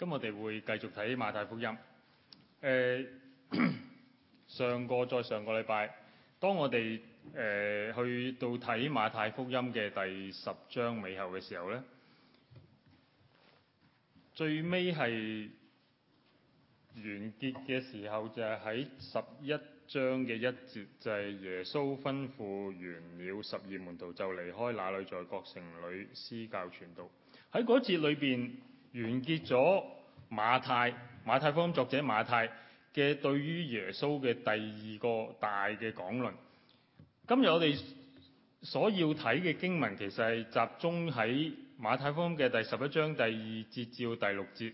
咁、嗯、我哋會繼續睇馬太福音。呃、上個再上個禮拜，當我哋誒、呃、去到睇馬太福音嘅第十章尾後嘅時候呢，最尾係完結嘅時候就係、是、喺十一章嘅一節，就係、是、耶穌吩咐完了十二門徒，就離開那裏，在各城裏施教傳道。喺嗰節裏邊。完結咗馬太馬太福音作者馬太嘅對於耶穌嘅第二個大嘅講論。今日我哋所要睇嘅經文，其實係集中喺馬太福音嘅第十一章第二節至第六節，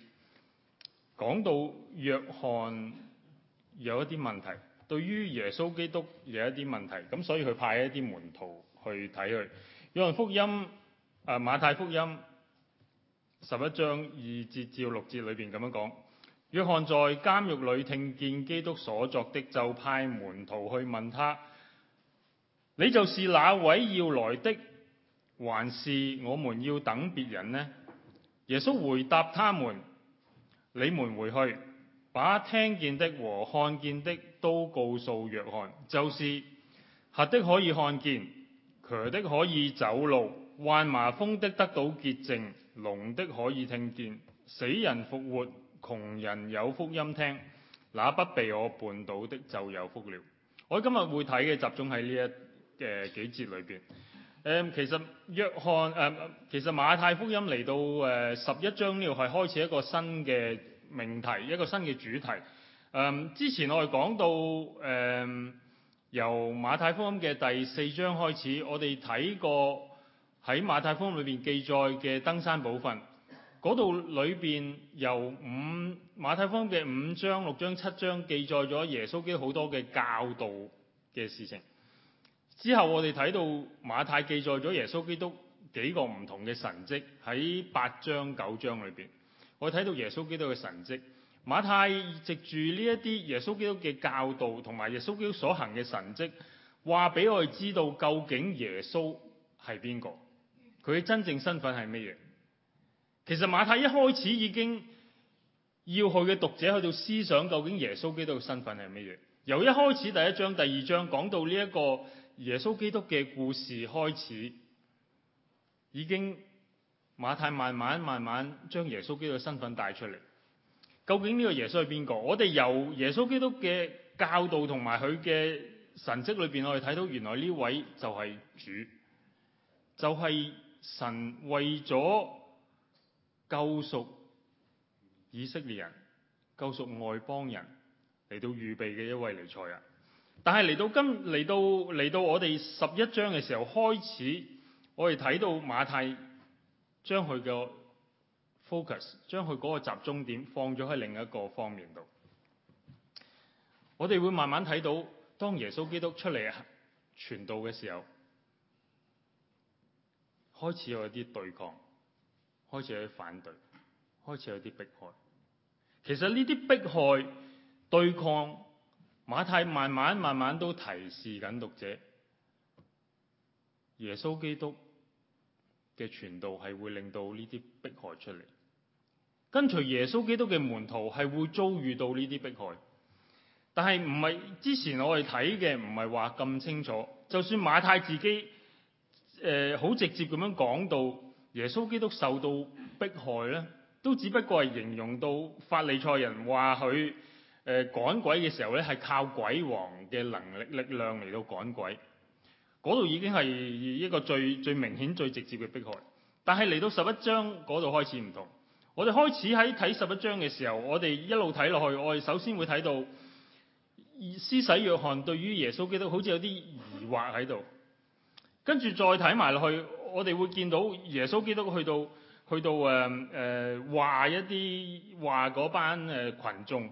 講到約翰有一啲問題，對於耶穌基督有一啲問題，咁所以佢派一啲門徒去睇佢。約翰福音啊，馬太福音。十一章二節至六節裏邊咁樣講：約翰在監獄裏聽見基督所作的，就派門徒去問他：你就是哪位要來的，還是我們要等別人呢？耶穌回答他們：你們回去把聽見的和看見的都告訴約翰，就是瞎的可以看見，瘸的可以走路，患麻風的得到潔淨。聾的可以聽見，死人復活，窮人有福音聽，那不被我絆倒的就有福了。我今日會睇嘅集中喺呢一嘅幾節裏邊。誒、嗯，其實約翰誒、嗯，其實馬太福音嚟到誒、嗯、十一章呢度係開始一個新嘅命題，一個新嘅主題。誒、嗯，之前我哋講到誒、嗯，由馬太福音嘅第四章開始，我哋睇過。喺《馬太福音》裏邊記載嘅登山部分，嗰度裏邊由五《馬太福音》嘅五章、六章、七章記載咗耶穌基督好多嘅教導嘅事情。之後我哋睇到《馬太》記載咗耶穌基督幾個唔同嘅神跡，喺八章、九章裏邊，我睇到耶穌基督嘅神跡。馬太藉住呢一啲耶穌基督嘅教導同埋耶穌基督所行嘅神跡，話俾我哋知道究竟耶穌係邊個。佢嘅真正身份係乜嘢？其實馬太一開始已經要佢嘅讀者去到思想，究竟耶穌基督嘅身份係乜嘢？由一開始第一章、第二章講到呢一個耶穌基督嘅故事開始，已經馬太慢慢慢慢將耶穌基督嘅身份帶出嚟。究竟呢個耶穌係邊個？我哋由耶穌基督嘅教導同埋佢嘅神蹟裏邊，我哋睇到原來呢位就係主，就係、是。神為咗救贖以色列人、救贖外邦人嚟到預備嘅一位彌賽亞，但係嚟到今嚟到嚟到我哋十一章嘅時候開始，我哋睇到馬太將佢嘅 focus，將佢個集中點放咗喺另一個方面度。我哋會慢慢睇到，當耶穌基督出嚟啊傳道嘅時候。開始有啲對抗，開始有啲反對，開始有啲迫害。其實呢啲迫害、對抗，馬太慢慢、慢慢都提示緊讀者，耶穌基督嘅傳道係會令到呢啲迫害出嚟。跟隨耶穌基督嘅門徒係會遭遇到呢啲迫害，但係唔係之前我哋睇嘅，唔係話咁清楚。就算馬太自己。誒，好、呃、直接咁樣講到耶穌基督受到迫害咧，都只不過係形容到法利賽人話佢誒趕鬼嘅時候咧，係靠鬼王嘅能力力量嚟到趕鬼，嗰度已經係一個最最明顯最直接嘅迫害。但係嚟到十一章嗰度開始唔同，我哋開始喺睇十一章嘅時候，我哋一路睇落去，我哋首先會睇到施洗約翰對於耶穌基督好似有啲疑惑喺度。跟住再睇埋落去，我哋會見到耶穌基督去到去到誒誒，話、啊呃、一啲話嗰班誒群眾，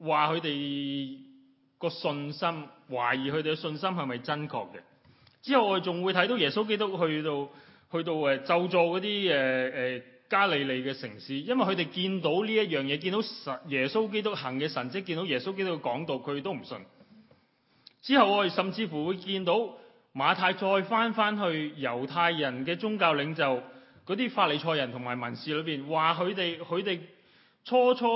話佢哋個信心懷疑佢哋嘅信心係咪真確嘅。之後我哋仲會睇到耶穌基督去到去到誒、啊，就助嗰啲誒誒加利利嘅城市，因為佢哋見到呢一樣嘢，見到神耶穌基督行嘅神蹟，見到耶穌基督嘅講道，佢都唔信。之後我哋甚至乎會見到。馬太再翻翻去猶太人嘅宗教領袖嗰啲法利賽人同埋文士裏邊，話佢哋佢哋初初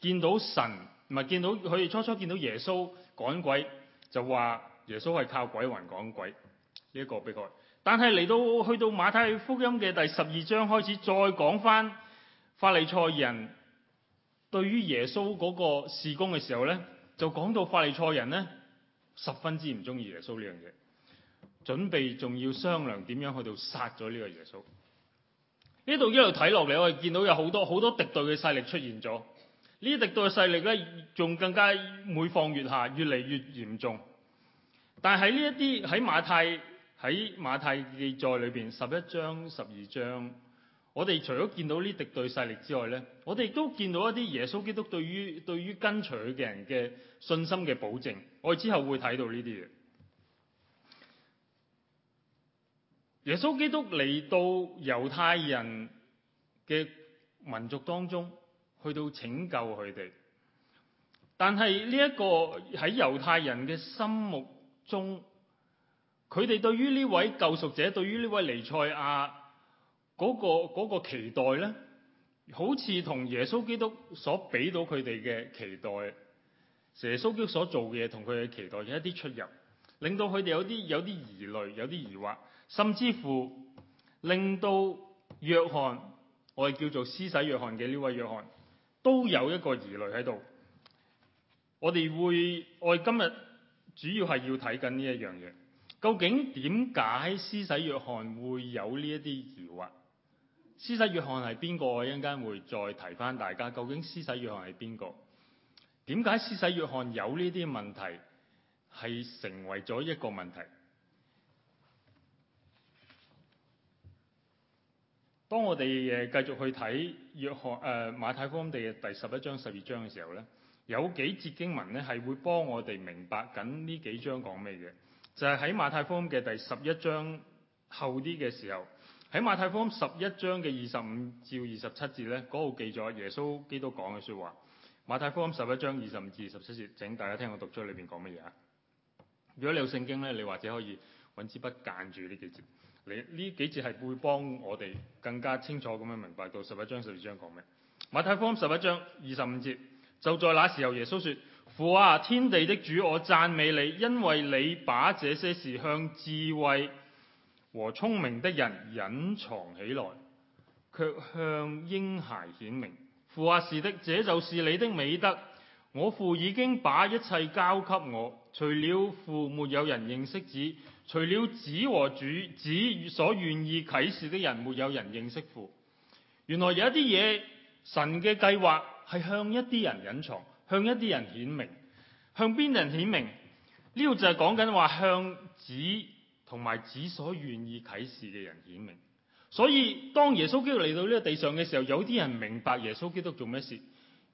見到神唔係，見到佢哋初初見到耶穌趕鬼，就話耶穌係靠鬼魂趕鬼呢一、這個被害。但係嚟到去到馬太福音嘅第十二章開始再講翻法利賽人對於耶穌嗰個事工嘅時候咧，就講到法利賽人咧十分之唔中意耶穌呢樣嘢。準備仲要商量點樣去到殺咗呢個耶穌？呢度一路睇落嚟，我哋見到有好多好多敵對嘅勢力出現咗。敵勢呢敵對勢力咧，仲更加每況愈下，越嚟越嚴重。但係呢一啲喺馬太喺馬太記載裏邊十一章十二章，我哋除咗見到呢敵對勢力之外咧，我哋亦都見到一啲耶穌基督對於對於跟隨佢嘅人嘅信心嘅保證。我哋之後會睇到呢啲嘢。耶穌基督嚟到猶太人嘅民族當中，去到拯救佢哋。但係呢一個喺猶太人嘅心目中，佢哋對於呢位救贖者，對於呢位尼賽亞嗰個嗰個期待咧，好似同耶穌基督所俾到佢哋嘅期待，耶穌基督所做嘅嘢同佢嘅期待有一啲出入，令到佢哋有啲有啲疑慮，有啲疑、疑惑。甚至乎令到約翰，我哋叫做施洗約翰嘅呢位約翰，都有一個疑慮喺度。我哋會我哋今日主要係要睇緊呢一樣嘢，究竟點解施洗約翰會有呢一啲疑惑？施洗約翰係邊個？我一陣間會再提翻大家，究竟施洗約翰係邊個？點解施洗約翰有呢啲問題，係成為咗一個問題？當我哋誒繼續去睇約翰誒馬太福音地嘅第十一章、十二章嘅時候呢，有幾節經文咧係會幫我哋明白緊呢幾章講咩嘅，就係、是、喺馬太福音嘅第十一章後啲嘅時候，喺馬太福音十一章嘅二十五至二十七節呢，嗰度記咗耶穌基督講嘅説話。馬太福音十一章二十五至二十七節，請大家聽我讀出裏邊講乜嘢啊！如果你有聖經呢，你或者可以揾支筆間住呢幾節。你呢幾節係會幫我哋更加清楚咁樣明白到十一章十二章講咩？馬太福音十一章二十五節，就在那時候，耶穌說：父啊，天地的主，我讚美你，因為你把這些事向智慧和聰明的人隱藏起來，卻向嬰孩顯明。父啊，是的，這就是你的美德。我父已經把一切交給我，除了父，沒有人認識子。除了子和主，子所願意啟示的人，沒有人認識父。原來有一啲嘢，神嘅計劃係向一啲人隱藏，向一啲人顯明。向邊人顯明？呢個就係講緊話向子同埋子所願意啟示嘅人顯明。所以當耶穌基督嚟到呢個地上嘅時候，有啲人明白耶穌基督做咩事，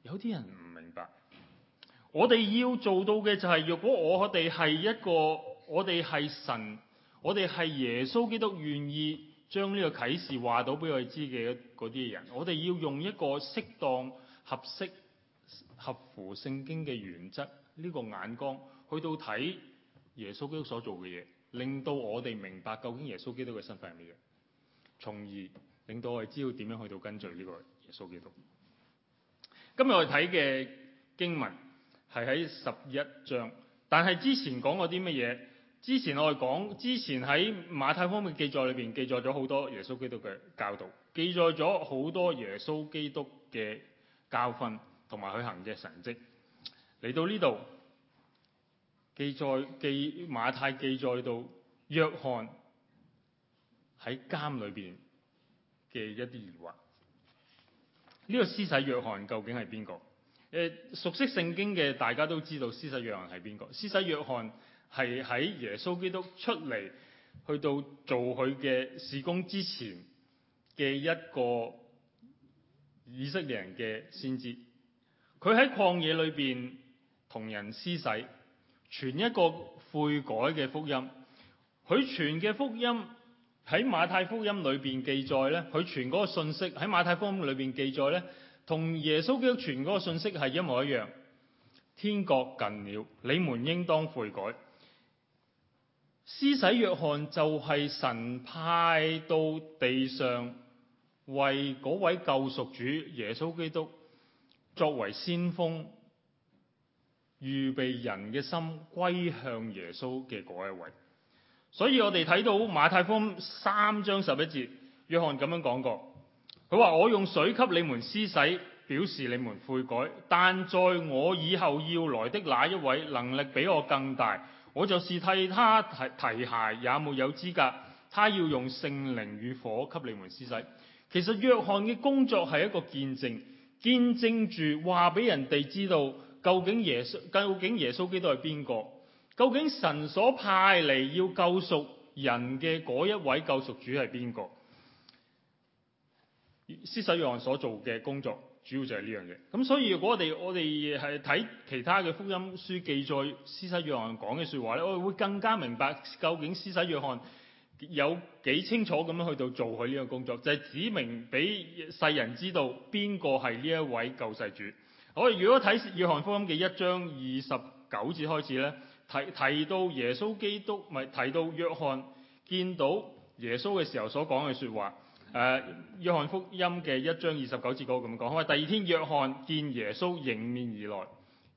有啲人唔明白。我哋要做到嘅就係、是，若果我哋係一個。我哋係神，我哋係耶穌基督願意將呢個啟示話到俾我哋知嘅嗰啲人。我哋要用一個適當、合適、合乎聖經嘅原則，呢個眼光去到睇耶穌基督所做嘅嘢，令到我哋明白究竟耶穌基督嘅身份係乜嘢，從而令到我哋知道點樣去到跟隨呢個耶穌基督。今日我哋睇嘅經文係喺十一章，但係之前講過啲乜嘢？之前我哋講，之前喺馬太福音嘅記載裏邊記載咗好多耶穌基督嘅教導，記載咗好多耶穌基督嘅教訓同埋佢行嘅神蹟。嚟到呢度記載記馬太記載到約翰喺監裏邊嘅一啲疑惑。呢、這個施洗約翰究竟係邊個？誒、呃，熟悉聖經嘅大家都知道施洗約翰係邊個。施洗約翰，係喺耶穌基督出嚟去到做佢嘅事工之前嘅一個以色列人嘅先知，佢喺曠野裏邊同人施洗，傳一個悔改嘅福音。佢傳嘅福音喺馬太福音裏邊記載咧，佢傳嗰個信息，喺馬太福音裏邊記載咧，同耶穌基督傳嗰個信息係一模一樣。天國近了，你們應當悔改。施洗約翰就係神派到地上為嗰位救贖主耶穌基督作為先鋒預備人嘅心歸向耶穌嘅嗰一位，所以我哋睇到馬太福音三章十一節，約翰咁樣講過，佢話我用水給你們施洗，表示你們悔改，但在我以後要來的那一位，能力比我更大。我就是替他提鞋，也沒有，有資格。他要用聖靈與火給你們施洗。其實約翰嘅工作係一個見證，見證住話俾人哋知道究，究竟耶穌究竟耶穌基督係邊個？究竟神所派嚟要救贖人嘅嗰一位救贖主係邊個？施洗約翰所做嘅工作。主要就係呢樣嘢，咁所以如果我哋我哋係睇其他嘅福音書記載施洗約翰講嘅說話咧，我哋會更加明白究竟施洗約翰有幾清楚咁樣去到做佢呢個工作，就係指明俾世人知道邊個係呢一位救世主。我哋如果睇約翰福音嘅一章二十九節開始咧，提提到耶穌基督，咪提到約翰見到耶穌嘅時候所講嘅說話。誒、呃、約翰福音嘅一章二十九節嗰個咁講，好為第二天約翰見耶穌迎面而來，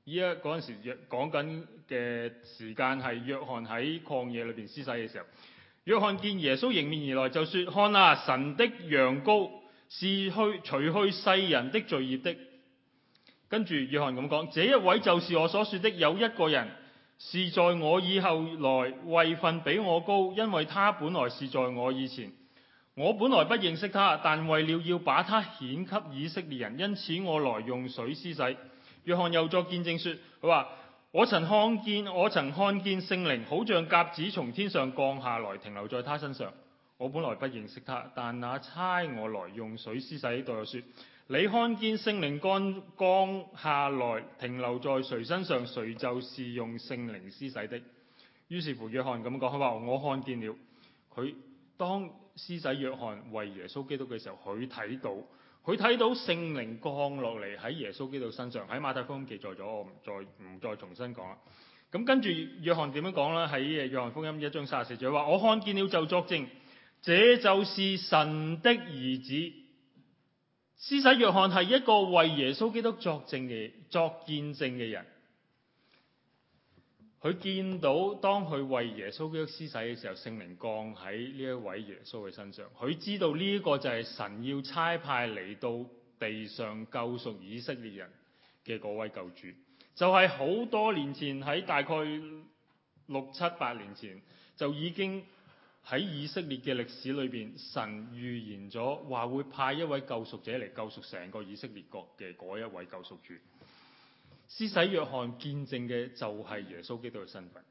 依家嗰陣時講緊嘅時間係約翰喺曠野裏邊施洗嘅時候，約翰見耶穌迎面而來，就説：看啊，神的羊羔是去除去世人的罪孽的。跟住約翰咁講：這一位就是我所說的，有一個人是在我以後來，位份比我高，因為他本來是在我以前。我本來不認識他，但為了要把他顯給以色列人，因此我來用水施洗。約翰又作見證說：佢話我曾看見，我曾看見聖靈好像鴿子從天上降下來，停留在他身上。我本來不認識他，但那差我來用水施洗的，對我說：你看見聖靈降降下來停留在誰身上，誰就是用聖靈施洗的。於是乎，約翰咁講：佢話我看見了。佢當。師仔約翰為耶穌基督嘅時候，佢睇到，佢睇到聖靈降落嚟，喺耶穌基督身上，喺馬太福音記載咗，我唔再唔再重新講啦。咁跟住約翰點樣講咧？喺約翰福音一張卅四就話：我看見了就作證，這就是神的兒子。師仔約翰係一個為耶穌基督作證嘅作見證嘅人。佢見到當佢為耶穌基督施洗嘅時候，聖靈降喺呢一位耶穌嘅身上，佢知道呢一個就係神要差派嚟到地上救贖以色列人嘅嗰位救主，就係、是、好多年前喺大概六七百年前，就已經喺以色列嘅歷史裏邊，神預言咗話會派一位救贖者嚟救贖成個以色列國嘅嗰一位救贖主。施洗約翰見證嘅就係耶穌基督嘅身份。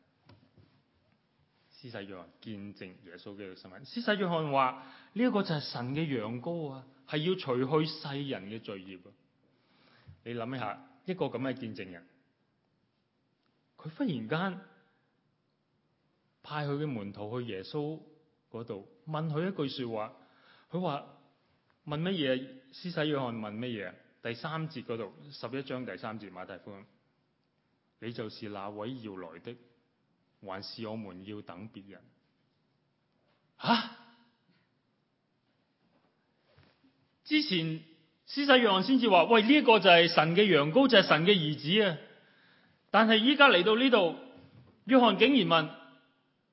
施洗約翰見證耶穌基督嘅身份。施洗約翰話：呢一個就係神嘅羊羔啊，係要除去世人嘅罪孽啊。你諗一下，一個咁嘅見證人，佢忽然間派佢嘅門徒去耶穌嗰度問佢一句說話，佢話問乜嘢？施洗約翰問乜嘢？第三節嗰度，十一章第三節，馬太福音，你就是那位要來的，還是我們要等別人？吓、啊！之前施洗約翰先至話，喂呢一、這個就係神嘅羊羔，就係、是、神嘅兒子啊！但係依家嚟到呢度，約翰竟然問。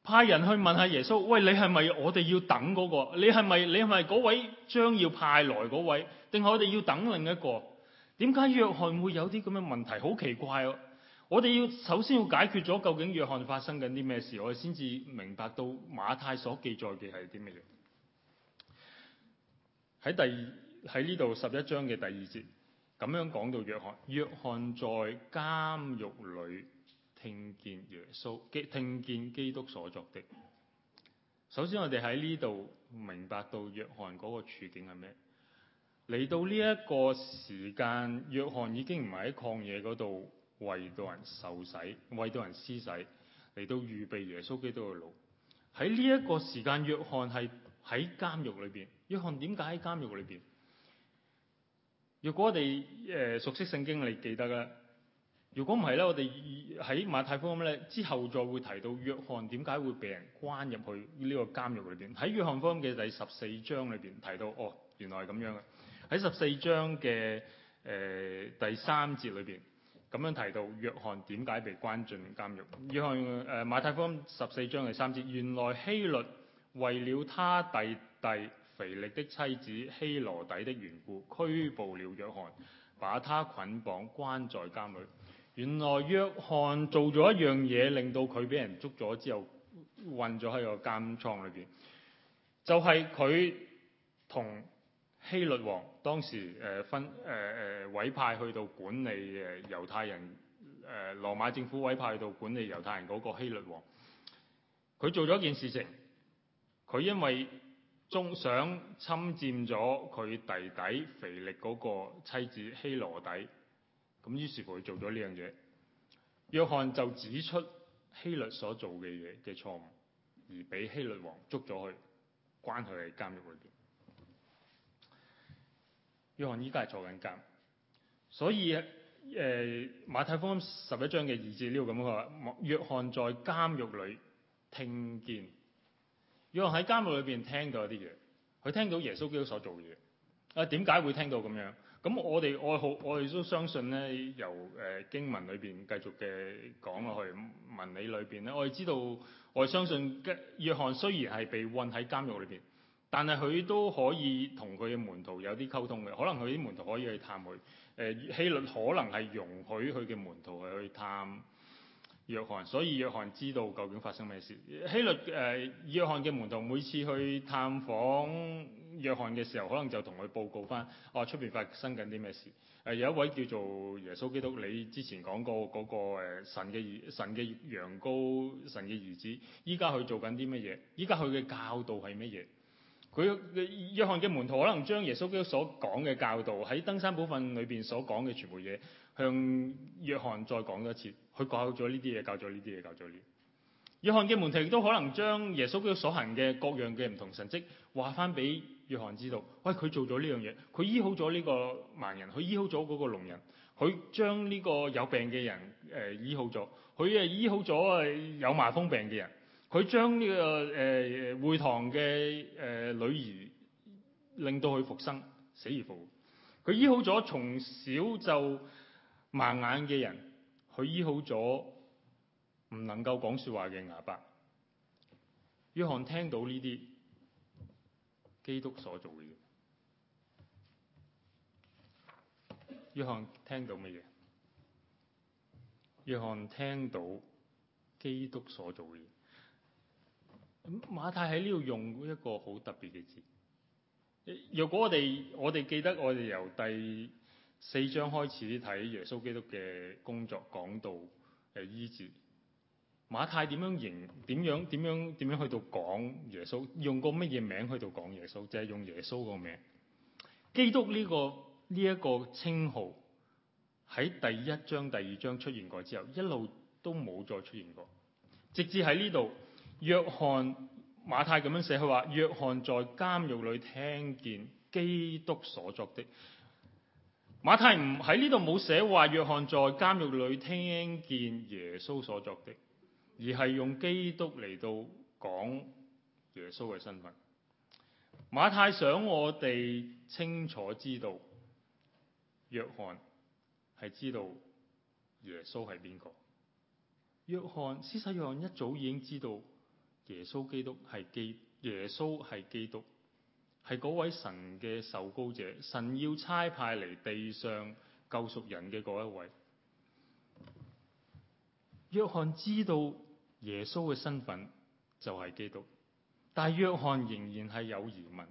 派人去問下耶穌，喂，你係咪我哋要等嗰個？你係咪你係咪嗰位將要派來嗰位？定係我哋要等另一個？點解約翰會有啲咁嘅問題？好奇怪啊！我哋要首先要解決咗究竟約翰發生緊啲咩事，我哋先至明白到馬太所記載嘅係啲咩嘢。喺第喺呢度十一章嘅第二節，咁樣講到約翰，約翰在監獄裏。聽見耶穌，聽見基督所作的。首先，我哋喺呢度明白到約翰嗰個處境係咩？嚟到呢一個時間，約翰已經唔係喺曠野嗰度為到人受洗，為到人施洗，嚟到預備耶穌基督嘅路。喺呢一個時間，約翰係喺監獄裏邊。約翰點解喺監獄裏邊？若果我哋誒、呃、熟悉聖經，你記得啦。如果唔係咧，我哋喺馬太福音咧，之後再會提到約翰點解會被人關入去呢個監獄裏邊。喺約翰福音嘅第十四章裏邊提到，哦，原來係咁樣嘅。喺十四章嘅誒、呃、第三節裏邊咁樣提到約翰點解被關進監獄。約翰誒、呃、馬太福音十四章第三節，原來希律為了他弟弟腓力的妻子希羅底的緣故，拘捕了約翰，把他捆綁關在監裏。原來約翰做咗一樣嘢，令到佢俾人捉咗之後，困咗喺個監倉裏邊。就係佢同希律王當時誒、呃、分誒誒、呃呃、委派去到管理誒猶太人誒、呃、羅馬政府委派去到管理猶太人嗰個希律王，佢做咗一件事情，佢因為中想侵佔咗佢弟弟腓力嗰個妻子希羅底。咁於是乎佢做咗呢樣嘢，約翰就指出希律所做嘅嘢嘅錯誤，而俾希律王捉咗去關佢喺監獄裏邊。約翰依家係坐緊監，所以誒、呃、馬太福音十一章嘅二至六係咁樣嘅：約翰在監獄裏聽見，約翰喺監獄裏邊聽到一啲嘢，佢聽到耶穌基督所做嘅嘢。啊，點解會聽到咁樣？咁我哋我好我哋都相信咧，由誒、呃、經文裏邊繼續嘅講落去文理裏邊咧，我哋知道我相信約翰雖然係被困喺監獄裏邊，但係佢都可以同佢嘅門徒有啲溝通嘅，可能佢啲門徒可以去探佢。誒、呃、希律可能係容許佢嘅門徒去探約翰，所以約翰知道究竟發生咩事。希律誒、呃、約翰嘅門徒每次去探訪，約翰嘅時候，可能就同佢報告翻，我出邊發生緊啲咩事？誒、呃，有一位叫做耶穌基督，你之前講過嗰、那個誒神嘅兒，神嘅羊羔，神嘅兒子，依家佢做緊啲乜嘢？依家佢嘅教導係乜嘢？佢約翰嘅門徒可能將耶穌基督所講嘅教導，喺登山寶訓裏邊所講嘅全部嘢，向約翰再講一次，佢教咗呢啲嘢，教咗呢啲嘢，教咗呢啲。約翰嘅門徒亦都可能將耶穌基督所行嘅各樣嘅唔同神蹟，話翻俾。約翰知道，喂，佢做咗呢樣嘢，佢醫好咗呢個盲人，佢醫好咗嗰個聾人，佢將呢個有病嘅人誒、呃、醫好咗，佢誒醫好咗有麻風病嘅人，佢將呢、這個誒、呃、會堂嘅誒、呃、女兒令到佢復生，死而復活，佢醫好咗從小就盲眼嘅人，佢醫好咗唔能夠講說話嘅啞巴。約翰聽到呢啲。基督所做嘅嘢，約翰聽到乜嘢？約翰聽到基督所做嘅嘢。咁馬太喺呢度用一個好特別嘅字。若果我哋我哋記得我哋由第四章開始睇耶穌基督嘅工作講，講到誒醫治。馬太點樣型？點樣點樣點樣去到講耶穌？用個乜嘢名去到講耶穌？就係用耶穌嗰個名。基督呢個呢一個稱號喺第一章第二章出現過之後，一路都冇再出現過。直至喺呢度，約翰馬太咁樣寫佢話：約翰在監獄裏聽見基督所作的。馬太唔喺呢度冇寫話約翰在監獄裏聽見耶穌所作的。而係用基督嚟到講耶穌嘅身份。馬太想我哋清楚知道，約翰係知道耶穌係邊個。約翰，事實上，約翰一早已經知道耶穌基督係基耶穌係基督，係嗰位神嘅受膏者，神要差派嚟地上救贖人嘅嗰一位。約翰知道。耶穌嘅身份就係基督，但約翰仍然係有疑問。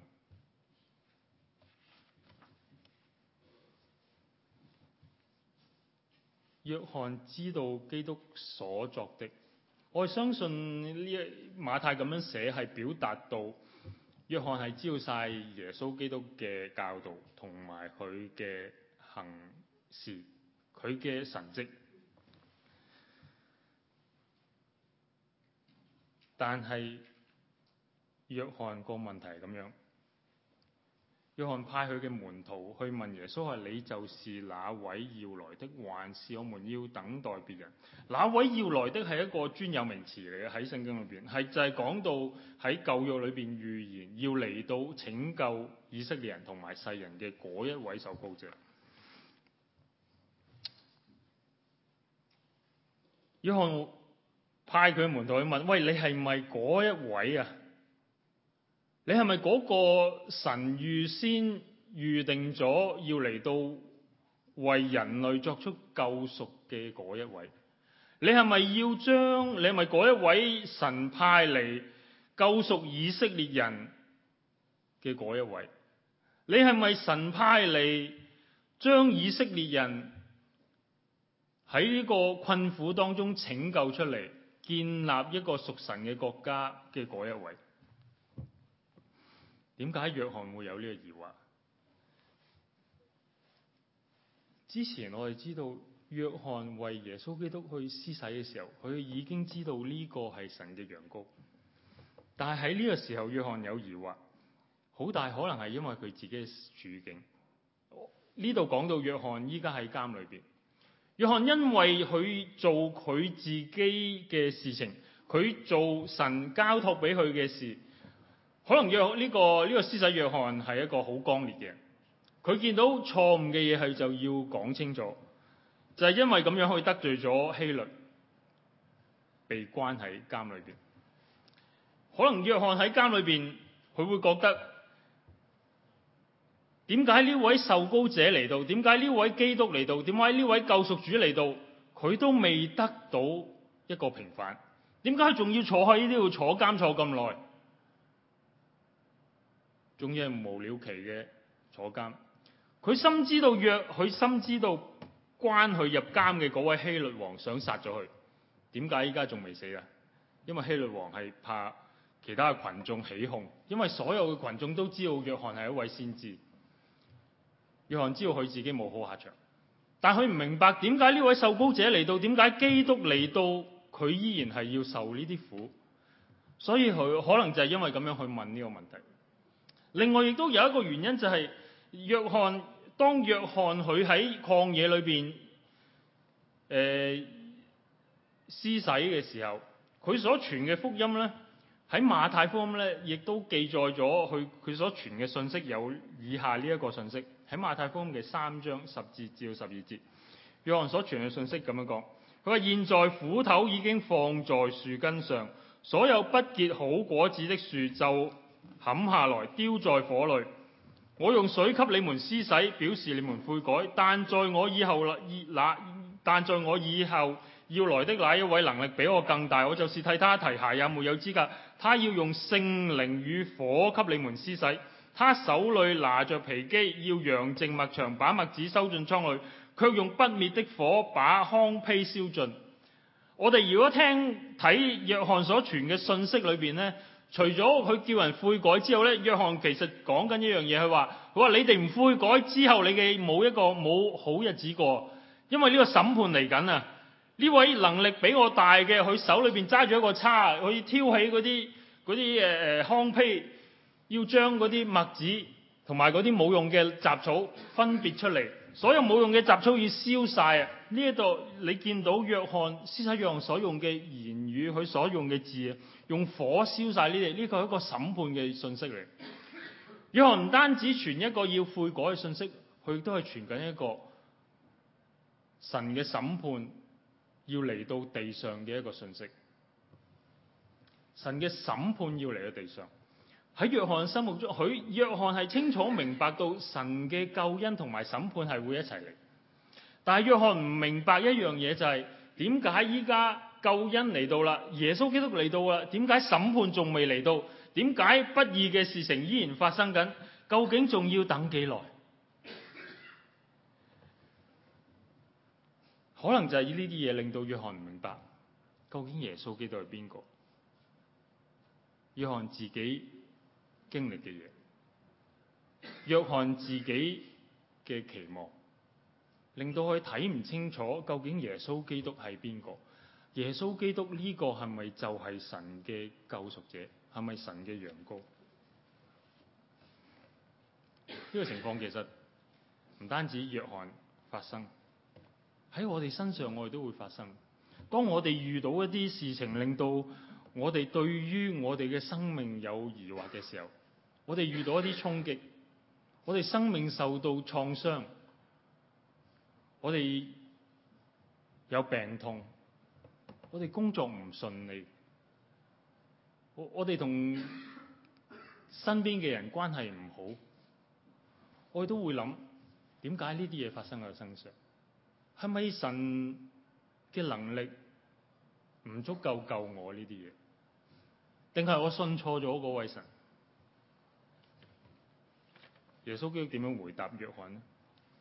約翰知道基督所作的，我相信呢，馬太咁樣寫係表達到約翰係知道晒耶穌基督嘅教導同埋佢嘅行事，佢嘅神蹟。但係約翰個問題咁樣，約翰派佢嘅門徒去問耶穌：話 你就是哪位要來的，還是我們要等待別人？哪位要來的係一個專有名詞嚟嘅，喺聖經裏邊係就係、是、講到喺舊約裏邊預言要嚟到拯救以色列人同埋世人嘅嗰一位受膏者。約翰，派佢門徒去問：喂，你係咪嗰一位啊？你係咪嗰個神預先預定咗要嚟到為人類作出救贖嘅嗰一位？你係咪要將你係咪嗰一位神派嚟救贖以色列人嘅嗰一位？你係咪神派嚟將以色列人喺呢個困苦當中拯救出嚟，建立一個屬神嘅國家嘅嗰一位，點解約翰會有呢個疑惑？之前我哋知道約翰為耶穌基督去施洗嘅時候，佢已經知道呢個係神嘅羊羔，但係喺呢個時候約翰有疑惑，好大可能係因為佢自己嘅處境。呢度講到約翰依家喺監裏邊。約翰因為佢做佢自己嘅事情，佢做神交託俾佢嘅事，可能約、呢、呢個呢、呢個施洗約翰係一個好剛烈嘅人，佢見到錯誤嘅嘢係就要講清楚，就係、係、因為咁樣可以得罪咗希律，被關喺監裏邊。可能約翰喺監裏邊，佢會覺得。點解呢位受膏者嚟到？點解呢位基督嚟到？點解呢位救贖主嚟到？佢都未得到一個平反。點解仲要坐喺呢度坐監坐咁耐？總之係無了期嘅坐監。佢深知道約，佢深知道關佢入監嘅嗰位希律王想殺咗佢。點解依家仲未死啊？因為希律王係怕其他嘅群眾起哄，因為所有嘅群眾都知道約翰係一位先知。約翰知道佢自己冇好下場，但佢唔明白點解呢位受膏者嚟到？點解基督嚟到？佢依然係要受呢啲苦，所以佢可能就係因為咁樣去問呢個問題。另外亦都有一個原因，就是，就係約翰，當約翰佢喺曠野裏邊誒施洗嘅時候，佢所傳嘅福音咧，喺馬太福音咧亦都記載咗佢佢所傳嘅信息有以下呢一個信息。喺馬太福音嘅三章十節至到十二節，約翰所傳嘅信息咁樣講，佢話：現在斧頭已經放在樹根上，所有不結好果子的樹就砍下來，丟在火裏。我用水給你們施洗，表示你們悔改。但在我以後啦，以那但在我以後要來的那一位能力比我更大，我就是替他提鞋也沒有資格。他要用聖靈與火給你們施洗。他手裏拿着簸箕，要揚淨他的場，把麥子收進倉裏，卻用不滅的火把糠秕燒盡。我哋如果聽睇約翰所傳嘅信息裏邊咧，除咗佢叫人悔改之後咧，約翰其實講緊一樣嘢，佢話：佢話你哋唔悔改之後，你嘅冇一個冇好日子過，因為呢個審判嚟緊啊！呢位能力比我大嘅，佢手裏邊揸住一個叉，佢以挑起嗰啲啲誒誒糠秕。要將嗰啲麥子同埋嗰啲冇用嘅雜草分別出嚟，所有冇用嘅雜草要燒晒啊！呢一度你見到約翰施洗約翰所用嘅言語，佢所用嘅字，用火燒晒呢啲，呢個係一個審判嘅信息嚟。約翰唔單止傳一個要悔改嘅信息，佢都係傳緊一個神嘅審判要嚟到地上嘅一個信息。神嘅審判要嚟到地上。喺約翰心目中，佢約翰係清楚明白到神嘅救恩同埋審判係會一齊嚟，但係約翰唔明白一樣嘢，就係點解依家救恩嚟到啦，耶穌基督嚟到啦，點解審判仲未嚟到？點解不義嘅事情依然發生緊？究竟仲要等幾耐？可能就係呢啲嘢令到約翰唔明白，究竟耶穌基督係邊個？約翰自己。經歷嘅嘢，約翰自己嘅期望，令到佢睇唔清楚究竟耶穌基督係邊個？耶穌基督呢個係咪就係神嘅救贖者？係咪神嘅羊羔？呢個情況其實唔單止約翰發生，喺我哋身上我哋都會發生。當我哋遇到一啲事情，令到我哋對於我哋嘅生命有疑惑嘅時候，我哋遇到一啲衝擊，我哋生命受到創傷，我哋有病痛，我哋工作唔順利，我我哋同身邊嘅人關係唔好，我哋都會諗點解呢啲嘢發生喺我身上？係咪神嘅能力唔足夠救我呢啲嘢？定係我信錯咗嗰位神？耶穌基督點樣回答約翰呢？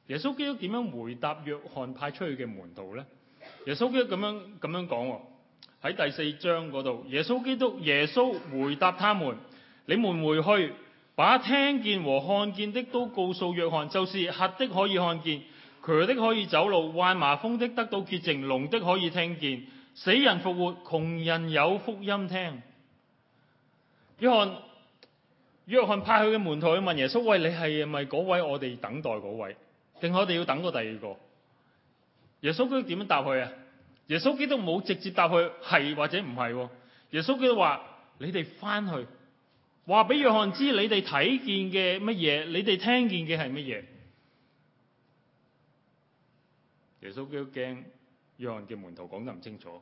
耶穌基督點樣回答約翰派出去嘅門徒呢？耶穌基督咁樣咁樣講喎，哦，喺第四章嗰度，耶穌基督，耶穌回答他們：你們回去把聽見和看見的都告訴約翰，就是瞎的可以看見，瘸的可以走路，患麻風的得，得到潔淨，聾的可以聽見，死人復活，窮人有福音聽。約翰。約翰派去嘅門徒去問耶穌：喂，你係咪嗰位我哋等待嗰位？定我哋要等個第二個？耶穌基督點樣答佢啊？耶穌基督冇直接答佢係或者唔係。耶穌基督話：你哋翻去話俾約翰知，你哋睇見嘅乜嘢，你哋聽見嘅係乜嘢。耶穌基督驚約翰嘅門徒講得唔清楚。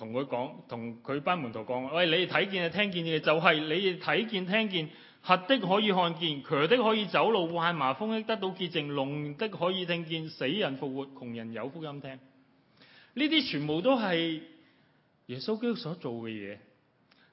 同佢講，同佢班門徒講：喂，你哋睇見啊，聽見嘅就係、是、你哋睇見、聽見。瞎的可以看見，瘸的可以走路，患麻風的得到潔淨，聾的可以聽見，死人復活，窮人有福音聽。呢啲全部都係耶穌基督所做嘅嘢。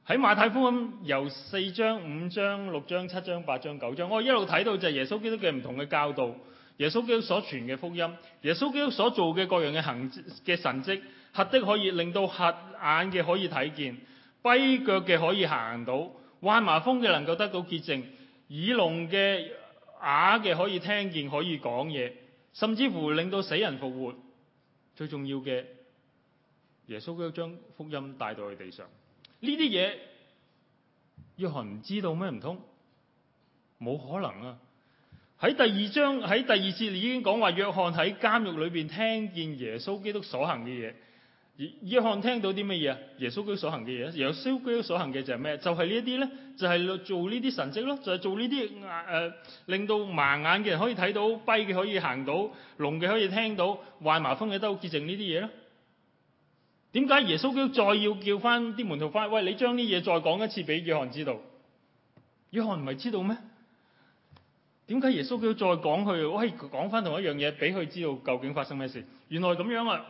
喺馬太福音由四章、五章、六章、七章、八章、九章，我一路睇到就係耶穌基督嘅唔同嘅教導，耶穌基督所傳嘅福音，耶穌基督所做嘅各樣嘅行嘅神蹟。瞎的可以令到瞎眼嘅可以睇見，跛腳嘅可以行到，患麻風嘅能夠得到潔淨，耳聾嘅啞嘅可以聽見可以講嘢，甚至乎令到死人復活。最重要嘅，耶穌都將福音帶到去地上呢啲嘢，約翰唔知道咩？唔通冇可能啊！喺第二章喺第二節你已經講話，約翰喺監獄裏邊聽見耶穌基督所行嘅嘢。以約翰聽到啲乜嘢啊？耶穌佢所行嘅嘢，耶穌佢所行嘅就係咩？就係、是、呢一啲咧，就係、是、做呢啲神蹟咯，就係、是、做呢啲誒，令到盲眼嘅人可以睇到，跛嘅可以行到，聾嘅可以聽到，患麻風嘅得好潔淨呢啲嘢咯。點解耶穌佢再要叫翻啲門徒翻？喂，你將呢嘢再講一次俾約翰知道。約翰唔係知道咩？點解耶穌佢再講佢？喂，講翻同一樣嘢俾佢知道究竟發生咩事？原來咁樣啊。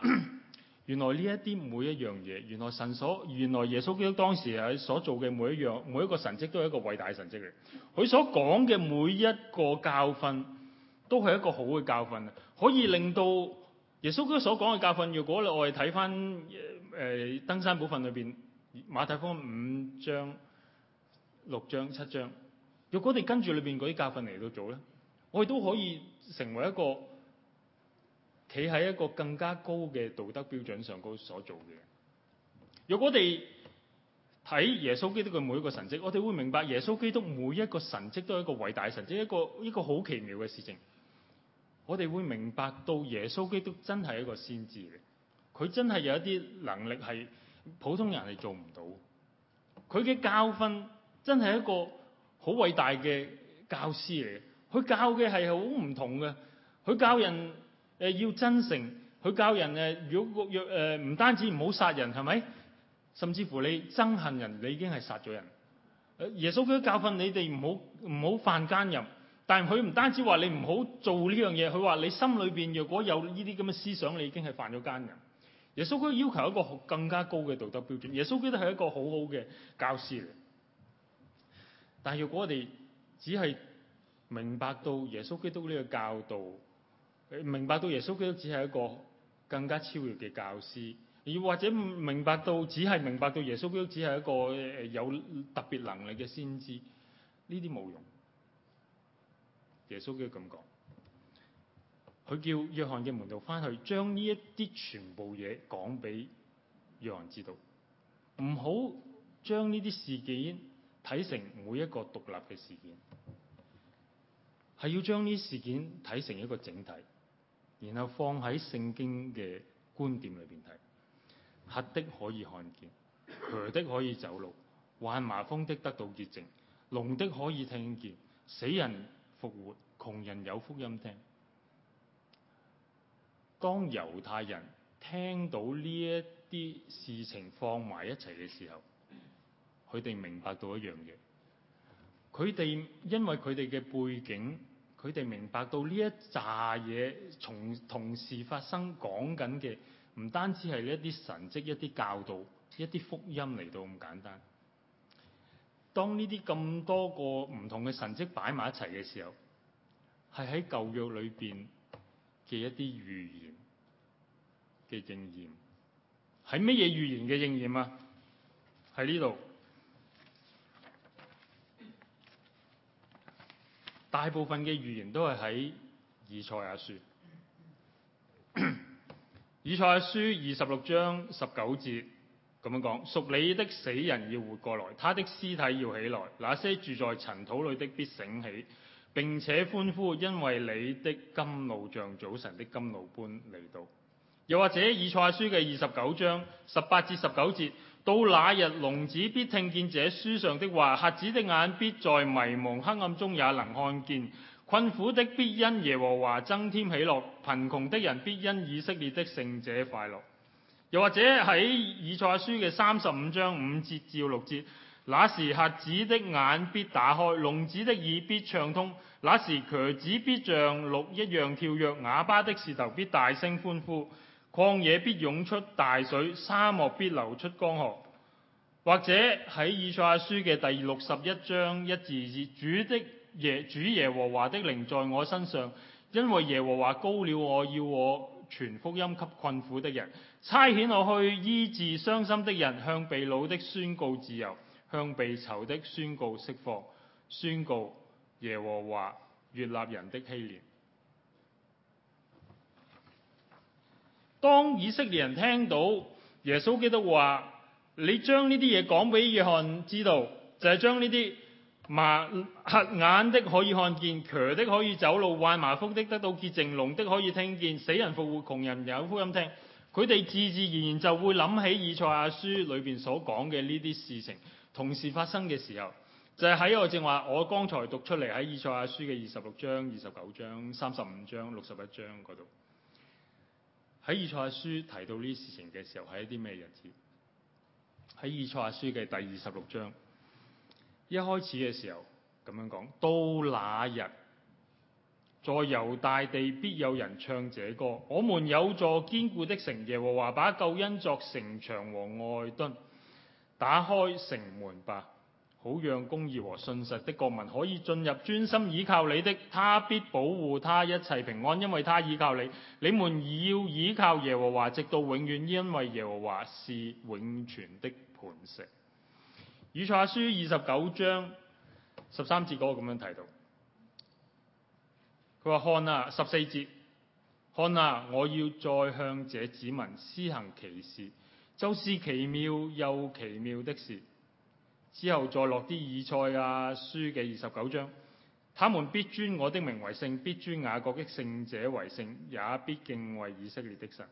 原來呢一啲每一樣嘢，原來神所，原來耶穌基督當時喺所做嘅每一樣，每一個神蹟都係一個偉大嘅神蹟嚟。佢所講嘅每一個教訓，都係一個好嘅教訓。可以令到耶穌基督所講嘅教訓，若果你我哋睇翻誒登山寶訓裏邊馬太福音五章、六章、七章，若果你跟住裏邊嗰啲教訓嚟到做咧，我哋都可以成為一個。企喺一個更加高嘅道德標準上高所做嘅。若果我哋睇耶穌基督嘅每一個神跡，我哋會明白耶穌基督每一個神跡都係一個偉大嘅神跡，一個一個好奇妙嘅事情。我哋會明白到耶穌基督真係一個先知嚟。佢真係有一啲能力係普通人係做唔到。佢嘅教訓真係一個好偉大嘅教師嚟嘅，佢教嘅係好唔同嘅，佢教人。誒，要真誠，佢教人誒，如果若誒唔單止唔好殺人，係咪？甚至乎你憎恨人，你已經係殺咗人。呃，耶穌基督教訓你哋唔好唔好犯奸淫，但係佢唔單止話你唔好做呢樣嘢，佢話你心裏邊若果有呢啲咁嘅思想，你已經係犯咗奸淫。耶穌基督要求一個更加高嘅道德標準。耶穌基督係一個好好嘅教師嚟，但係若果我哋只係明白到耶穌基督呢個教導。明白到耶穌基督只係一個更加超越嘅教師，而或者明白到只係明白到耶穌基督只係一個有特別能力嘅先知，呢啲冇用。耶穌基督咁講，佢叫約翰嘅門徒返去將呢一啲全部嘢講俾約翰知道，唔好將呢啲事件睇成每一個獨立嘅事件，係要將呢啲事件睇成一個整體。然後放喺聖經嘅觀點裏面睇，瞎的可以看見，瘸的可以走路，患麻風的得到潔淨，聾的可以聽見，死人復活，窮人有福音聽。當猶太人聽到呢一啲事情放埋一齊嘅時候，佢哋明白到一樣嘢，佢哋因為佢哋嘅背景。佢哋明白到呢一紮嘢，從同時發生講緊嘅，唔單止係呢一啲神蹟、一啲教導、一啲福音嚟到咁簡單。當呢啲咁多個唔同嘅神蹟擺埋一齊嘅時候，係喺舊約裏邊嘅一啲預言嘅應驗。係咩嘢預言嘅應驗啊？喺呢度。大部分嘅預言都係喺《以賽亞書》， 《以賽亞書》二十六章十九節咁樣講：屬你的死人要活過來，他的屍體要起來，那些住在塵土裏的必醒起，並且歡呼，因為你的甘露像早晨的甘露般嚟到。又或者《以賽亞書》嘅二十九章十八至十九節。到那日，聾子必聽見這書上的話，瞎子的眼必在迷茫黑暗中也能看見。困苦的必因耶和華增添喜樂，貧窮的人必因以色列的聖者快樂。又或者喺以賽書嘅三十五章五節至六節，那時瞎子的眼必打開，聾子的耳必暢通，那時瘸子必像鹿一樣跳躍，啞巴的舌頭必大聲歡呼。曠野必湧出大水，沙漠必流出江河。或者喺以賽亞書嘅第六十一章一字字：主的耶主耶和華的靈在我身上，因為耶和華高了我要我傳福音給困苦的人，差遣我去醫治傷心的人，向被擄的宣告自由，向被囚的宣告釋放，宣告耶和華悅納人的禧年。當以色列人聽到耶穌基督話，你將呢啲嘢講俾約翰知道，就係、是、將呢啲盲瞎眼的可以看見，瘸的可以走路，患麻風的得到潔淨，聾的可以聽見，死人復活，窮人有福音聽，佢哋自自然然就會諗起以賽亞書裏邊所講嘅呢啲事情同時發生嘅時候，就係、是、喺我正話我剛才讀出嚟喺以賽亞書嘅二十六章、二十九章、三十五章、六十一章嗰度。喺以賽亞書提到呢啲事情嘅時候，係一啲咩日子？喺以賽亞書嘅第二十六章，一開始嘅時候咁樣講：到那日，在猶大地必有人唱這歌。我們有座堅固的城和話，耶和華把救恩作城牆和外墩，打開城門吧。好讓公義和信實的國民可以進入，專心倚靠你的，他必保護他一切平安，因為他倚靠你。你們要倚靠耶和華直到永遠，因為耶和華是永存的磐石。以賽亞書二十九章十三節嗰個咁樣提到，佢話看啊，十四節，看啊我要再向這子民施行奇事，就是奇妙又奇妙的事。之後再落啲以賽亞書嘅二十九章，他們必尊我的名為聖，必尊雅各的聖者為聖，也必敬畏以色列的神。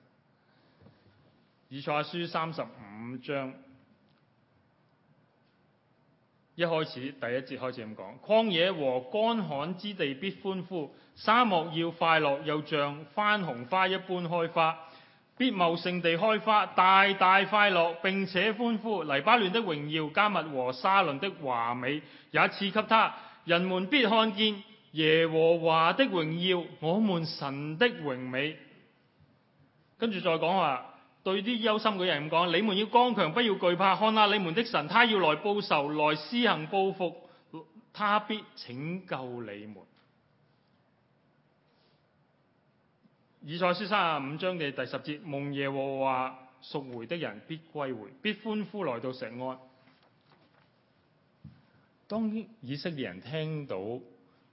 以賽亞書三十五章，一開始第一節開始咁講，曠野和乾旱之地必歡呼，沙漠要快樂，又像番紅花一般開花。必茂盛地開花，大大快樂，並且歡呼。黎巴嫩的榮耀、加密和沙崙的華美也賜給他。人們必看見耶和華的榮耀，我們神的榮美。跟住再講話，對啲憂心嘅人咁講：你們要剛強，不要懼怕。看下你們的神，他要來報仇，來施行報復，他必拯救你們。以賽亞書三十五章嘅第十節：蒙耶和華贖回的人必歸回，必歡呼來到錫安。當以色列人聽到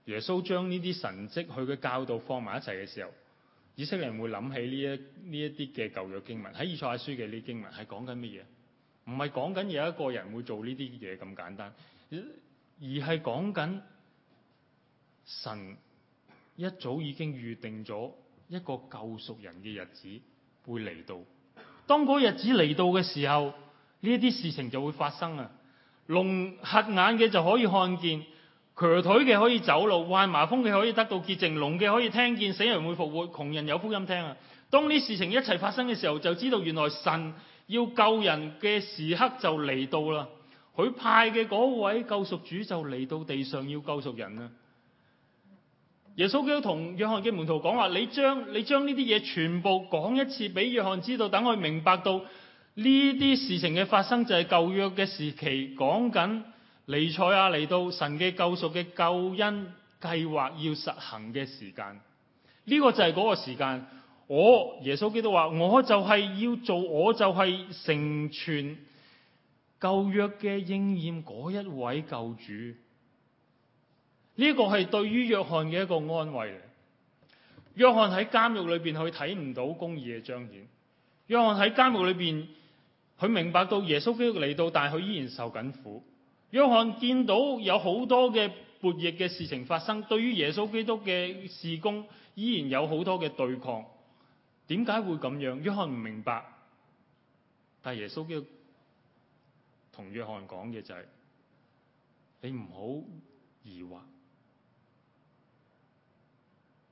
耶穌將呢啲神蹟、佢嘅教導放埋一齊嘅時候，以色列人會諗起呢一呢一啲嘅舊約經文。喺以賽亞書嘅呢經文係講緊乜嘢？唔係講緊有一個人會做呢啲嘢，咁簡單，而係講緊神一早已經預定咗。一個救贖人嘅日子會嚟到，當嗰日子嚟到嘅時候，呢啲事情就會發生啊！龍瞎眼嘅就可以看見，瘸腿嘅可以走路，患麻風嘅可以得到潔淨，聾嘅可以聽見，死人會復活，窮人有福音聽啊！當呢事情一齊發生嘅時候，就知道原來神要救人嘅時刻就嚟到啦！佢派嘅嗰位救贖主就嚟到地上要救贖人啊！耶穌基督同約翰嘅門徒講話：，你將你將呢啲嘢全部講一次俾約翰知道，等佢明白到呢啲事情嘅發生就係舊約嘅時期講緊彌賽亞嚟到，神嘅救贖嘅救恩計劃要實行嘅時間。呢、這個就係嗰個時間。我耶穌基督話：，我就係要做，我就係成全舊約嘅應驗嗰一位救主。呢個係對於約翰嘅一個安慰。約翰喺監獄裏邊佢睇唔到公義嘅彰顯。約翰喺監獄裏邊，佢明白到耶穌基督嚟到，但係佢依然受緊苦。約翰見到有好多嘅悖逆嘅事情發生，對於耶穌基督嘅事工依然有好多嘅對抗。點解會咁樣？約翰唔明白。但係耶穌基督同約翰講嘅就係、是：你唔好疑惑。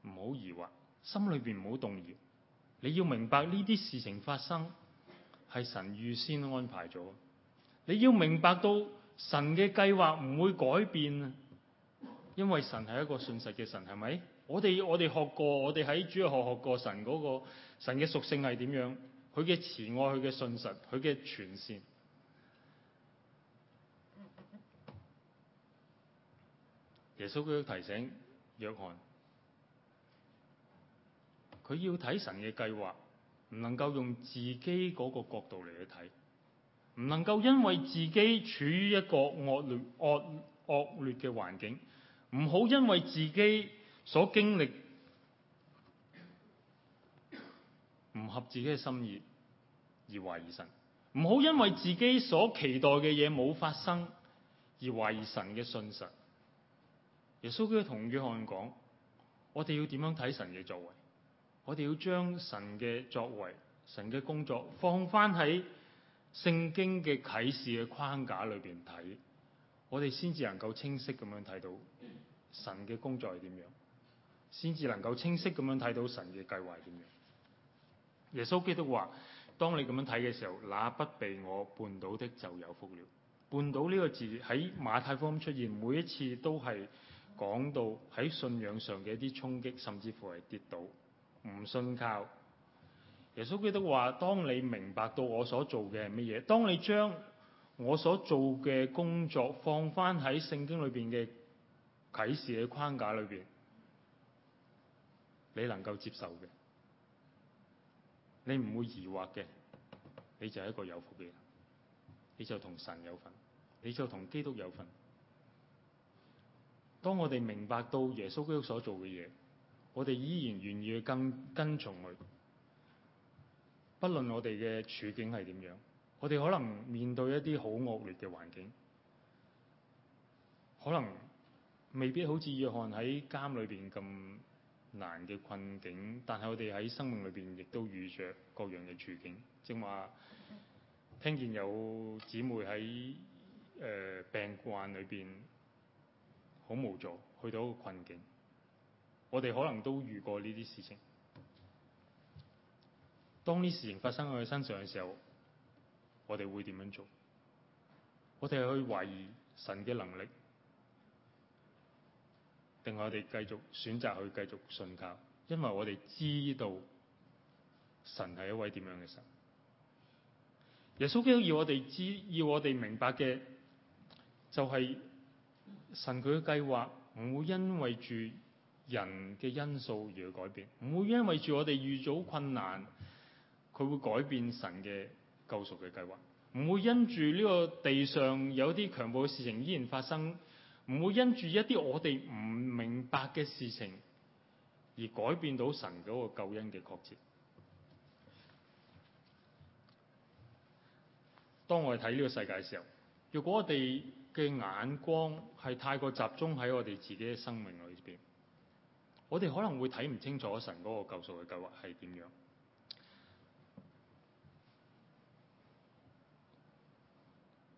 唔好疑惑，心裏邊唔好動搖。你要明白呢啲事情發生係神預先安排咗。你要明白到神嘅計劃唔會改變，因為神係一個信實嘅神，係咪？我哋我哋學過，我哋喺主日學學過神，嗰個神嘅屬性係點樣？佢嘅慈愛，佢嘅信實，佢嘅全善。耶穌佢提醒約翰。佢要睇神嘅計劃，唔能夠用自己個角度嚟去睇，唔能夠因為自己處於一個惡劣、惡惡劣嘅環境，唔好因為自己所經歷唔合自己嘅心意而懷疑神，唔好因為自己所期待嘅嘢冇發生而懷疑神嘅信實。耶穌基督同約翰講，我哋要點樣睇神嘅作為？我哋要將神嘅作為、神嘅工作放翻喺聖經嘅啟示嘅框架裏邊睇，我哋先至能夠清晰咁樣睇到神嘅工作係點樣，先至能夠清晰咁樣睇到神嘅計劃係點樣。耶穌基督話：「當你咁樣睇嘅時候，那不被我絆倒的就有福了。絆倒呢個字喺馬太福音出現，每一次都係講到喺信仰上嘅一啲衝擊，甚至乎係跌倒。唔信靠耶穌基督話：當你明白到我所做嘅係乜嘢，當你將我所做嘅工作放翻喺聖經裏邊嘅啟示嘅框架裏邊，你能夠接受嘅，你唔會疑惑嘅，你就係一個有福嘅人，你就同神有份，你就同基督有份。當我哋明白到耶穌基督所做嘅嘢。我哋依然願意去跟跟從佢，不論我哋嘅處境係點樣，我哋可能面對一啲好惡劣嘅環境，可能未必好似約翰喺監裏邊咁難嘅困境，但係我哋喺生命裏邊亦都遇着各樣嘅處境，正話聽見有姊妹喺誒、呃、病患裏邊好無助，去到一個困境。我哋可能都遇過呢啲事情。當呢事情發生喺佢身上嘅時候，我哋會點樣做？我哋係去懷疑神嘅能力，定係我哋繼續選擇去繼續信靠？因為我哋知道神係一位點樣嘅神。耶穌基督要我哋知，要我哋明白嘅就係神佢嘅計劃唔會因為住。人嘅因素而去改變，唔會因為住我哋遇咗困難，佢會改變神嘅救贖嘅計劃。唔會因住呢個地上有啲強暴嘅事情依然發生，唔會因住一啲我哋唔明白嘅事情而改變到神嗰個救恩嘅確切。當我哋睇呢個世界嘅時候，如果我哋嘅眼光係太過集中喺我哋自己嘅生命裏邊。我哋可能會睇唔清楚神嗰個救贖嘅計劃係點樣。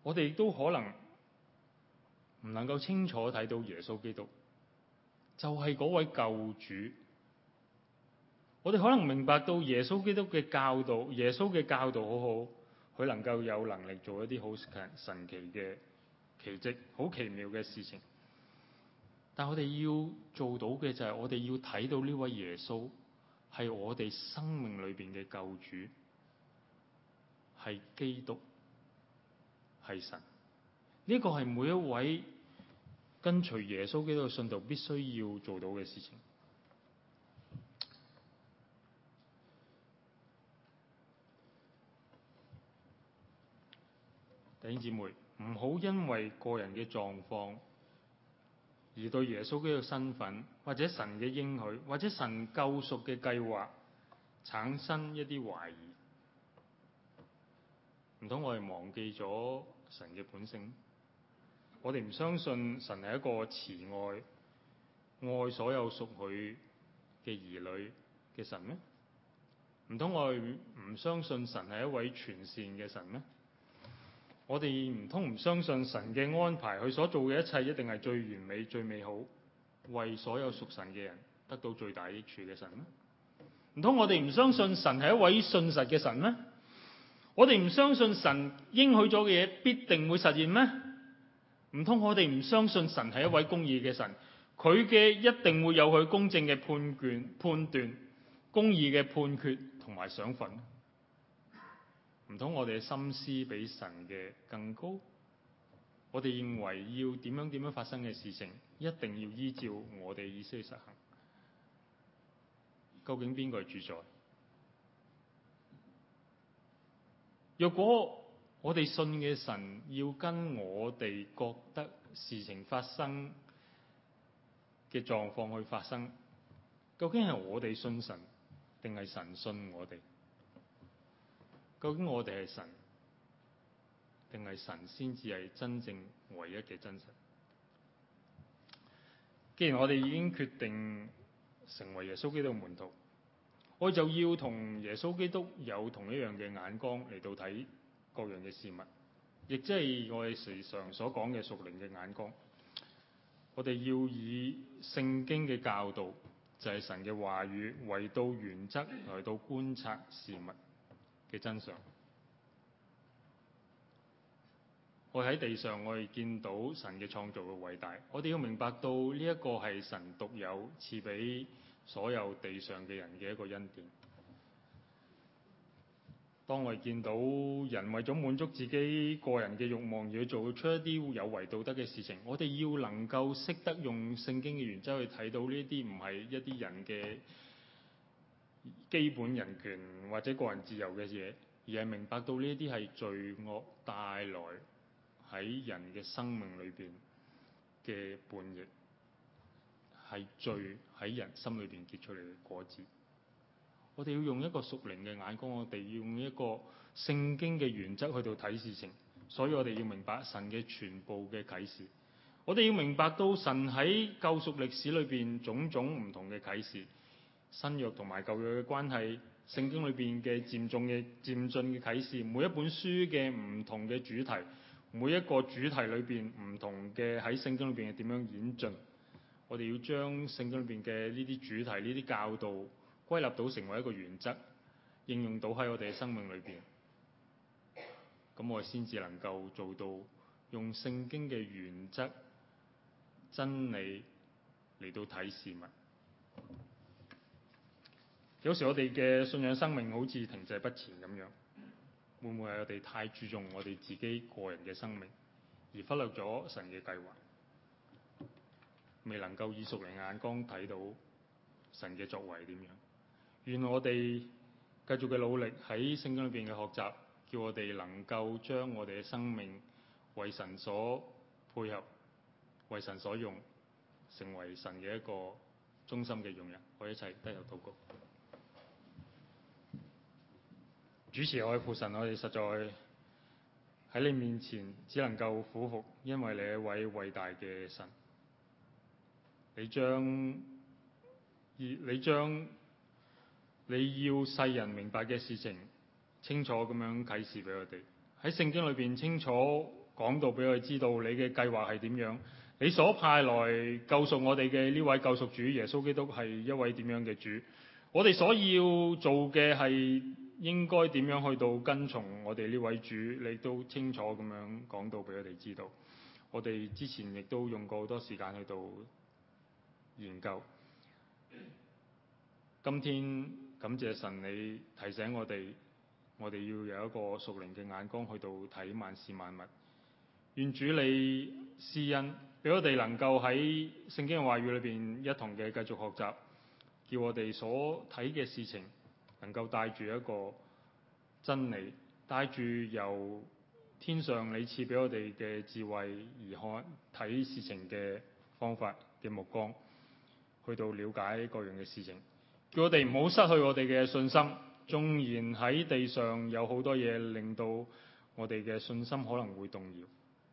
我哋亦都可能唔能夠清楚睇到耶穌基督就係、是、嗰位救主。我哋可能明白到耶穌基督嘅教導，耶穌嘅教導好好，佢能夠有能力做一啲好神奇嘅奇蹟，好奇妙嘅事情。但我哋要做到嘅就係，我哋要睇到呢位耶穌係我哋生命裏邊嘅救主，係基督，係神。呢個係每一位跟隨耶穌基督嘅信徒必須要做到嘅事情。弟兄姊妹，唔好因為個人嘅狀況。而對耶穌嘅身份，或者神嘅應許，或者神救贖嘅計劃，產生一啲懷疑。唔通我哋忘記咗神嘅本性？我哋唔相信神係一個慈愛、愛所有屬佢嘅兒女嘅神咩？唔通我哋唔相信神係一位全善嘅神咩？我哋唔通唔相信神嘅安排，佢所做嘅一切一定係最完美、最美好，為所有屬神嘅人得到最大益處嘅神咩？唔通我哋唔相信神係一位信實嘅神咩？我哋唔相信神應許咗嘅嘢必定會實現咩？唔通我哋唔相信神係一位公義嘅神，佢嘅一定會有佢公正嘅判斷、判斷、公義嘅判決同埋賞份。唔通我哋嘅心思比神嘅更高？我哋認為要點樣點樣發生嘅事情，一定要依照我哋意思去實行。究竟邊個係主宰？若果我哋信嘅神要跟我哋覺得事情發生嘅狀況去發生，究竟係我哋信神，定係神信我哋？究竟我哋係神，定係神先至係真正唯一嘅真實？既然我哋已經決定成為耶穌基督門徒，我就要同耶穌基督有同一樣嘅眼光嚟到睇各樣嘅事物，亦即係我哋時常所講嘅屬靈嘅眼光。我哋要以聖經嘅教導，就係、是、神嘅話語為到原則嚟到觀察事物。嘅真相，我喺地上，我哋見到神嘅創造嘅偉大。我哋要明白到呢一個係神獨有賜俾所有地上嘅人嘅一個恩典。當我哋見到人為咗滿足自己個人嘅慾望，而做出一啲有違道德嘅事情，我哋要能夠識得用聖經嘅原則去睇到呢啲唔係一啲人嘅基本人權或者個人自由嘅嘢，而係明白到呢啲係罪惡帶來喺人嘅生命裏邊嘅叛逆，係罪喺人心裏邊結出嚟嘅果子。我哋要用一個屬靈嘅眼光，我哋要用一個聖經嘅原則去到睇事情，所以我哋要明白神嘅全部嘅啟示。我哋要明白到神喺救贖歷史裏邊種種唔同嘅啟示。新約同埋舊約嘅關係，聖經裏邊嘅漸重嘅漸進嘅啟示，每一本書嘅唔同嘅主題，每一個主題裏邊唔同嘅喺聖經裏邊點樣演進，我哋要將聖經裏邊嘅呢啲主題、呢啲教導歸納到成為一個原則，應用到喺我哋嘅生命裏邊，咁我先至能夠做到用聖經嘅原則真理嚟到睇事物。有時我哋嘅信仰生命好似停滯不前咁樣，會唔會係我哋太注重我哋自己個人嘅生命，而忽略咗神嘅計劃，未能夠以屬靈眼光睇到神嘅作為點樣？願我哋繼續嘅努力喺聖經裏邊嘅學習，叫我哋能夠將我哋嘅生命為神所配合，為神所用，成為神嘅一個忠心嘅用人。我一齊低頭禱告。主持愛父神，我哋實在喺你面前，只能夠俯伏，因為你一位偉大嘅神。你將你將你要世人明白嘅事情清楚咁樣啟示俾我哋，喺聖經裏邊清楚講到俾我哋知道你嘅計劃係點樣，你所派來救贖我哋嘅呢位救贖主耶穌基督係一位點樣嘅主。我哋所要做嘅係。應該點樣去到跟從我哋呢位主？你都清楚咁樣講到俾佢哋知道。我哋之前亦都用過好多時間去到研究。今天感謝神，你提醒我哋，我哋要有一個屬靈嘅眼光去到睇萬事萬物。願主你施恩，俾我哋能夠喺聖經嘅話語裏邊一同嘅繼續學習，叫我哋所睇嘅事情。能夠帶住一個真理，帶住由天上你賜俾我哋嘅智慧而看睇事情嘅方法嘅目光，去到了解各樣嘅事情，叫我哋唔好失去我哋嘅信心。縱然喺地上有好多嘢令到我哋嘅信心可能會動搖，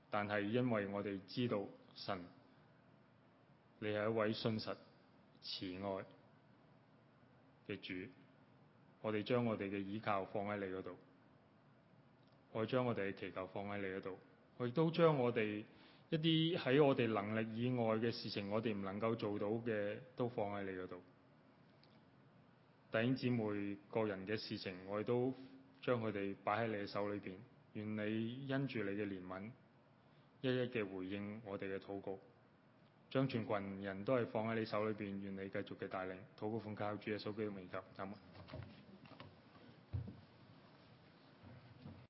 但係因為我哋知道神，你係一位信實慈愛嘅主。我哋將我哋嘅倚靠放喺你嗰度，我哋將我哋嘅祈求放喺你嗰度，我亦都將我哋一啲喺我哋能力以外嘅事情，我哋唔能夠做到嘅，都放喺你嗰度。弟兄姊妹，個人嘅事情，我亦都將佢哋擺喺你嘅手裏邊。願你因住你嘅憐憫，一一嘅回應我哋嘅禱告，將全群人都係放喺你手裏邊。願你繼續嘅帶領，禱告奉靠主耶穌基督美名，好